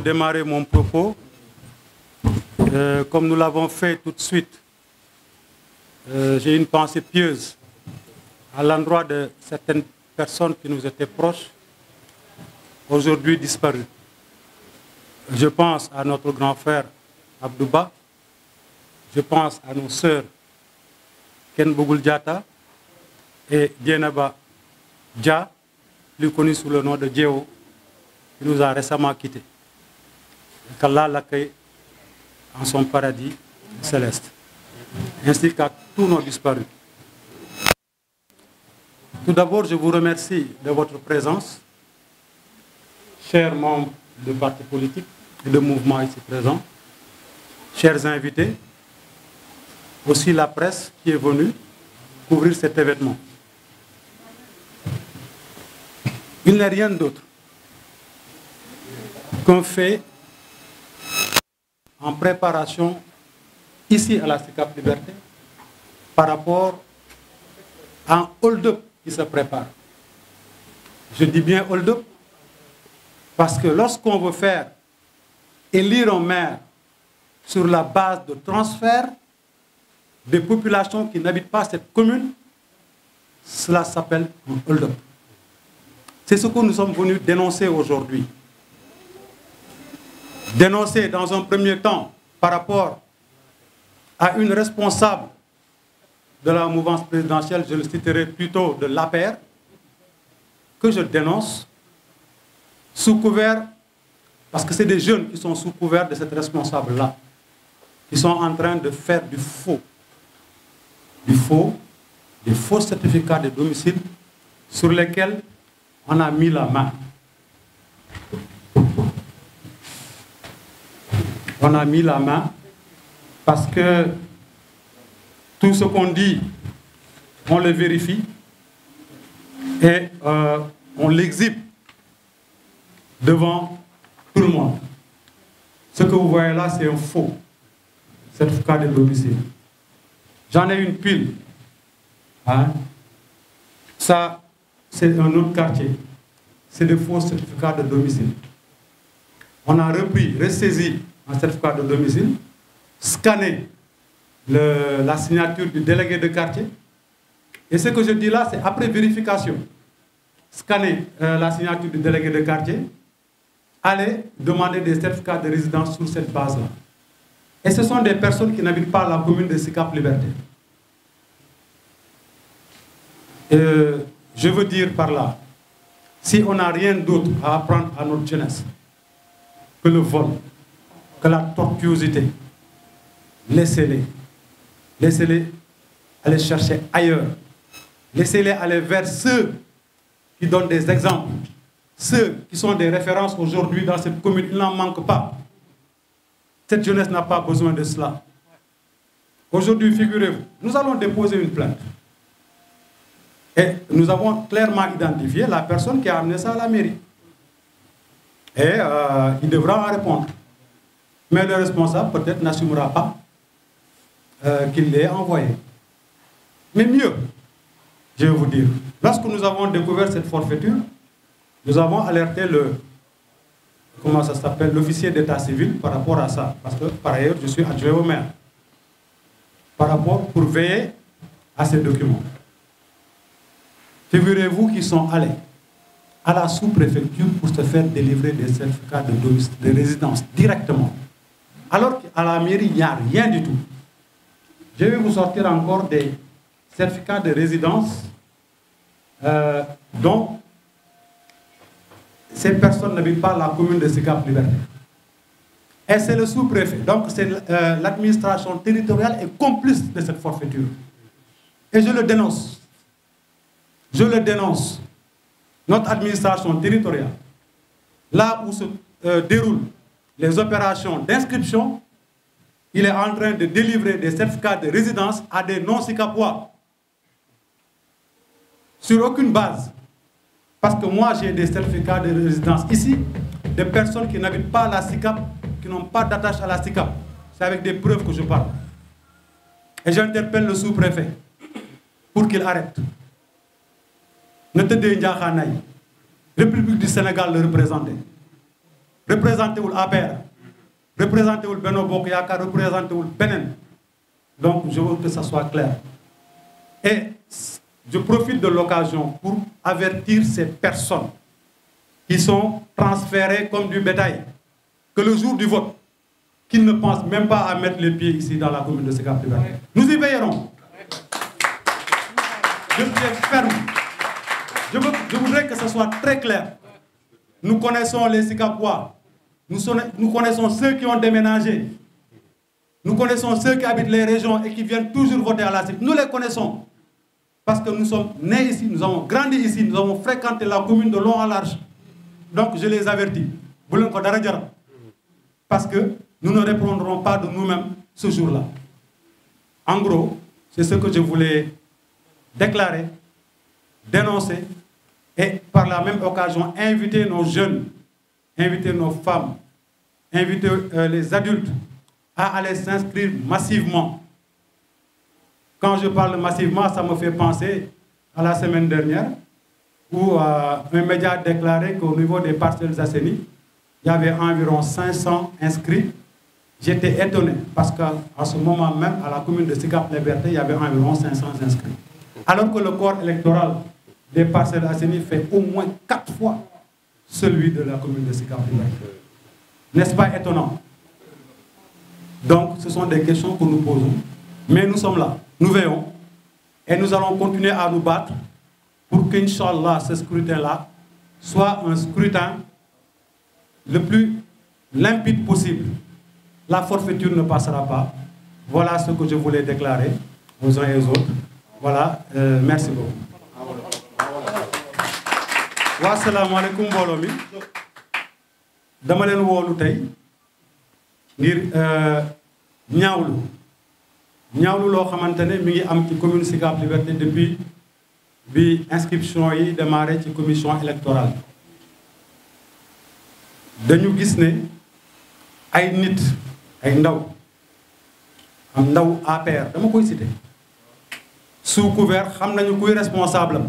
démarrer mon propos, euh, comme nous l'avons fait tout de suite, euh, j'ai une pensée pieuse à l'endroit de certaines personnes qui nous étaient proches, aujourd'hui disparues. Je pense à notre grand frère Abdouba, je pense à nos sœurs Ken Diata et Dienaba Dja plus connu sous le nom de Djéo, qui nous a récemment quittés qu'Allah l'accueille en son paradis céleste, ainsi qu'à tous nos disparus. Tout d'abord, je vous remercie de votre présence, chers membres de partis politiques et de mouvements ici présents, chers invités, aussi la presse qui est venue couvrir cet événement. Il n'est rien d'autre qu'un fait en préparation ici à la SICAP Liberté par rapport à un hold-up qui se prépare. Je dis bien hold-up parce que lorsqu'on veut faire élire en maire sur la base de transfert des populations qui n'habitent pas cette commune, cela s'appelle un hold-up. C'est ce que nous sommes venus dénoncer aujourd'hui. Dénoncer dans un premier temps par rapport à une responsable de la mouvance présidentielle, je le citerai plutôt de l'APER, que je dénonce sous couvert, parce que c'est des jeunes qui sont sous couvert de cette responsable-là, qui sont en train de faire du faux, du faux, des faux certificats de domicile sur lesquels on a mis la main. on a mis la main parce que tout ce qu'on dit, on le vérifie et euh, on l'exhibe devant tout le monde. Ce que vous voyez là, c'est un faux certificat de domicile. J'en ai une pile. Hein. Ça, c'est un autre quartier. C'est le faux certificat de domicile. On a repris, ressaisi un certificat de domicile, scanner la signature du délégué de quartier. Et ce que je dis là, c'est après vérification. Scanner euh, la signature du délégué de quartier, aller demander des certificats de résidence sur cette base-là. Et ce sont des personnes qui n'habitent pas la commune de Sicap Liberté. Euh, je veux dire par là, si on n'a rien d'autre à apprendre à notre jeunesse que le vol, que la tortuosité. Laissez-les. Laissez-les aller chercher ailleurs. Laissez-les aller vers ceux qui donnent des exemples. Ceux qui sont des références aujourd'hui dans cette commune, il n'en manque pas. Cette jeunesse n'a pas besoin de cela. Aujourd'hui, figurez-vous, nous allons déposer une plainte. Et nous avons clairement identifié la personne qui a amené ça à la mairie. Et euh, il devra en répondre. Mais le responsable, peut-être, n'assumera pas euh, qu'il l'ait envoyé. Mais mieux, je vais vous dire, lorsque nous avons découvert cette forfaiture, nous avons alerté le comment ça s'appelle, l'officier d'état civil par rapport à ça. Parce que par ailleurs, je suis adjoint au maire. Par rapport pour veiller à ces documents. Figurez-vous qu'ils sont allés à la sous-préfecture pour se faire délivrer des certificats de, de résidence directement. Alors qu'à la mairie, il n'y a rien du tout. Je vais vous sortir encore des certificats de résidence euh, dont ces personnes n'habitent pas la commune de ségap Liberté. Et c'est le sous-préfet. Donc c'est euh, l'administration territoriale est complice de cette forfaiture. Et je le dénonce. Je le dénonce. Notre administration territoriale, là où se euh, déroule les opérations d'inscription, il est en train de délivrer des certificats de résidence à des non-sicapois. Sur aucune base. Parce que moi, j'ai des certificats de résidence ici, des personnes qui n'habitent pas la SICAP, qui n'ont pas d'attache à la SICAP. C'est avec des preuves que je parle. Et j'interpelle le sous-préfet pour qu'il arrête. Ne te République du Sénégal le représentait représenté l'Aber, APR représenté vous le Bokk représentez-vous le Benin. donc je veux que ça soit clair et je profite de l'occasion pour avertir ces personnes qui sont transférées comme du bétail que le jour du vote qu'ils ne pensent même pas à mettre les pieds ici dans la commune de Sicap Nous y veillerons. Je suis ferme. Je, voudrais que ce soit très clair. Nous connaissons les Sikapois. Nous, connaissons ceux qui ont déménagé. Nous connaissons ceux qui habitent les régions et qui viennent toujours voter à la CIC. Nous les connaissons. Parce que nous sommes nés ici, nous avons grandi ici, nous avons fréquenté la commune de long en large. Donc je les avertis. Parce que nous ne répondrons pas de nous-mêmes ce jour-là. En gros, c'est ce que je voulais déclarer, dénoncer et par la même occasion inviter nos jeunes inviter nos femmes, inviter euh, les adultes à aller s'inscrire massivement. Quand je parle massivement, ça me fait penser à la semaine dernière où euh, un média a déclaré qu'au niveau des parcelles assainies, il y avait environ 500 inscrits. J'étais étonné parce qu'à ce moment même, à la commune de Sigap-Liberté, il y avait environ 500 inscrits. Alors que le corps électoral des parcelles assainies fait au moins quatre fois celui de la commune de N'est-ce pas étonnant Donc, ce sont des questions que nous posons. Mais nous sommes là, nous veillons, et nous allons continuer à nous battre pour qu'Inch'Allah, ce scrutin-là soit un scrutin le plus limpide possible. La forfaiture ne passera pas. Voilà ce que je voulais déclarer aux uns et aux autres. Voilà, euh, merci beaucoup. waa salaamaaleykum mbooloo mi dama leen woolu tey ngir euh, ñaawlu ñaawlu loo xamante ne mi ngi am ci commune Sicap Liberté depuis bi inscription yi démarré ci commission électorale dañu gis ne ay nit ay ndaw am ndaw APR dama koy cité sous couvert xam nañu kuy responsable am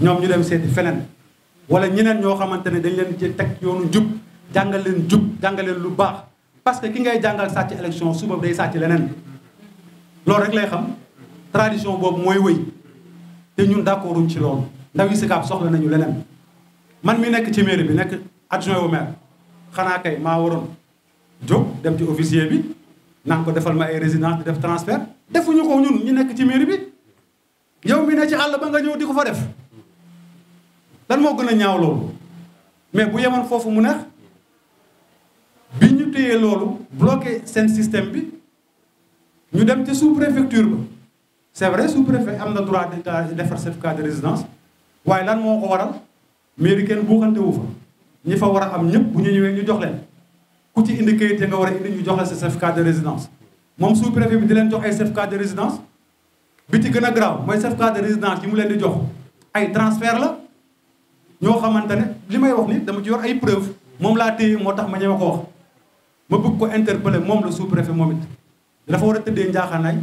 ñoom ñu dem seeti feneen wala ñeneen ñoo xamante ne dañ leen ci teg yoonu jub jàngal leen jub jàngal leen lu baax parce que ki ngay jàngal sàcc élection suba day sàcc leneen loolu rek lay xam tradition boobu mooy wëy te ñun d'accorduñ ci lool ndaw yi Sicap soxla nañu leneen man mi nekk ci mairie bi nekk adjoint au maire xanaa kay maa waroon jóg dem ci officier bi naan ko defal ma ay résidence di def transfert defuñu ko ñun ñu nekk ci mairie bi yow mi ne ci àll ba nga ñëw di ko fa def lan moo gën a ñaaw loolu mais bu yemoon foofu mu neex bi ñu téyee loolu bloqué seen système bi ñu dem ca sous préfecture ba c'est vrai sous préfet am na droit de defar certificat de résidence waaye lan moo ko waral mairie kenn buuxante wu fa ñi fa war a am ñëpp bu ñu ñëwee ñu jox leen ku ci indi kayit ya nga war a indi ñu jox leen sa certificat de résidence moom sous bi di leen jox ay certificat de résidence bi ci gën a graaw mooy certificat de résidence yi mu leen di jox ay transfert la ñoo xamante ne li may wax ni dama ci yor ay preuve moom laa téye moo tax ma ñëw ko wax ma bëgg ko interpeller moom la sous-préfet moom it dafa war a tëddee njaaxaanaay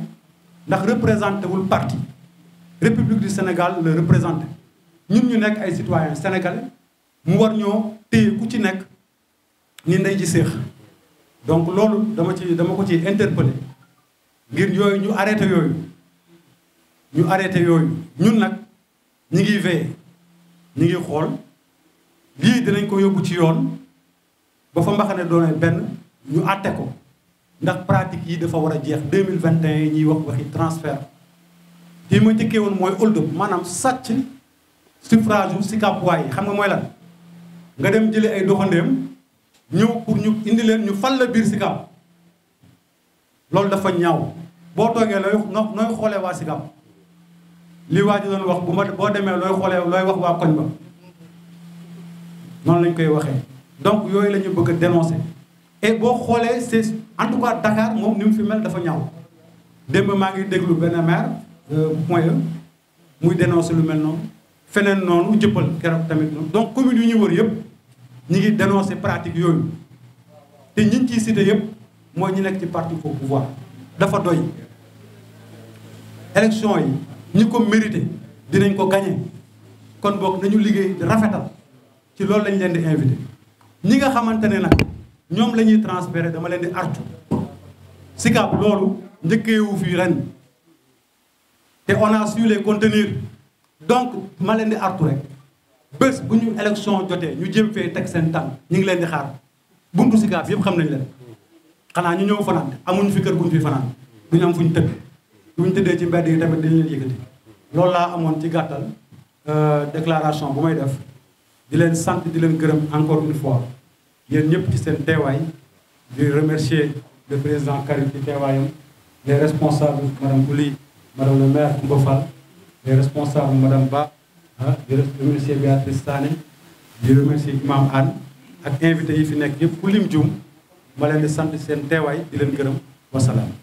ndax représenté wul parti république du Sénégal le représenté ñun ñu nekk ay citoyens sénégalais mu war ñoo téye ku ci nekk ni nday ji séex donc loolu dama ci dama ko ci interpeller ngir yooyu ñu arrêté yooyu ñu arrêté yooyu ñun nag ñi ngi veillé ñu ngi xool lii dinañ ko yóbbu ci yoon ba fa mbaxane doone benn ñu àtte ko ndax pratique yi dafa war a jeex deux mille vingt et un yi ñuy wax waxi transfert li ma njëkkee woon mooy hold up maanaam sàcc suffrage yu Sicap Way yi xam nga mooy lan nga dem jëlee ay doxandeem ñëw pour ñu indi leen ñu fal la biir Sicap loolu dafa ñaaw boo toogee looy nooy xoolee waa Sicap li waa ji doon wax bu ma boo demee looy xoolee looy wax waa koñ ba noonu lañ koy waxee donc yooyu la ñu bëgg a dénoncer et boo xoolee c'est en tout cas Dakar moom ni mu fi mel dafa ñaaw démb maa ngi déglu benn maire euh, point e, muy dénoncer lu mel noonu feneen noonu jëppal keroog tamit noonu donc commune yu ñu wër yëpp ñi ngi dénoncer pratique yooyu te ñiñ ciy cité yëpp mooy ñi nekk ci parti au pouvoir dafa doy élection yi ñi ko mérité dinañ ko gañe kon boog nañu liggéey rafetal ci loolu lañ leen di invité ñi nga xamante ne nag ñoom la ñuy transféré dama leen di artu Sicap loolu njëkkeewu fii ren te on a su les contenir donc ma leen di artu rek bés bu ñu élection jotee ñu jëm fee teg seen tànk ñu ngi leen di xaar buntu Sicap yëpp xam nañ leen xanaa ñu ñëw fanaan amuñu fi kër buñ fi fanaan duñu am fuñ tëgg bu ñu tëddee ci mbedd yi tamit dañ leen yëkkati loolu laa amoon ci gàttal euh, déclaration bu may def di leen sant di leen gërëm encore une fois yéen ñëpp ci seen teewaay di remercier le président Karim ci teewaayam les responsables madame Ouli madame le maire Koumba les responsables madame Ba ah di remercier Béatrice Sané di remercier Imam Anne ak invité yi fi nekk yëpp ku lim jum ma leen di sant seen teewaay di leen gërëm wasalaam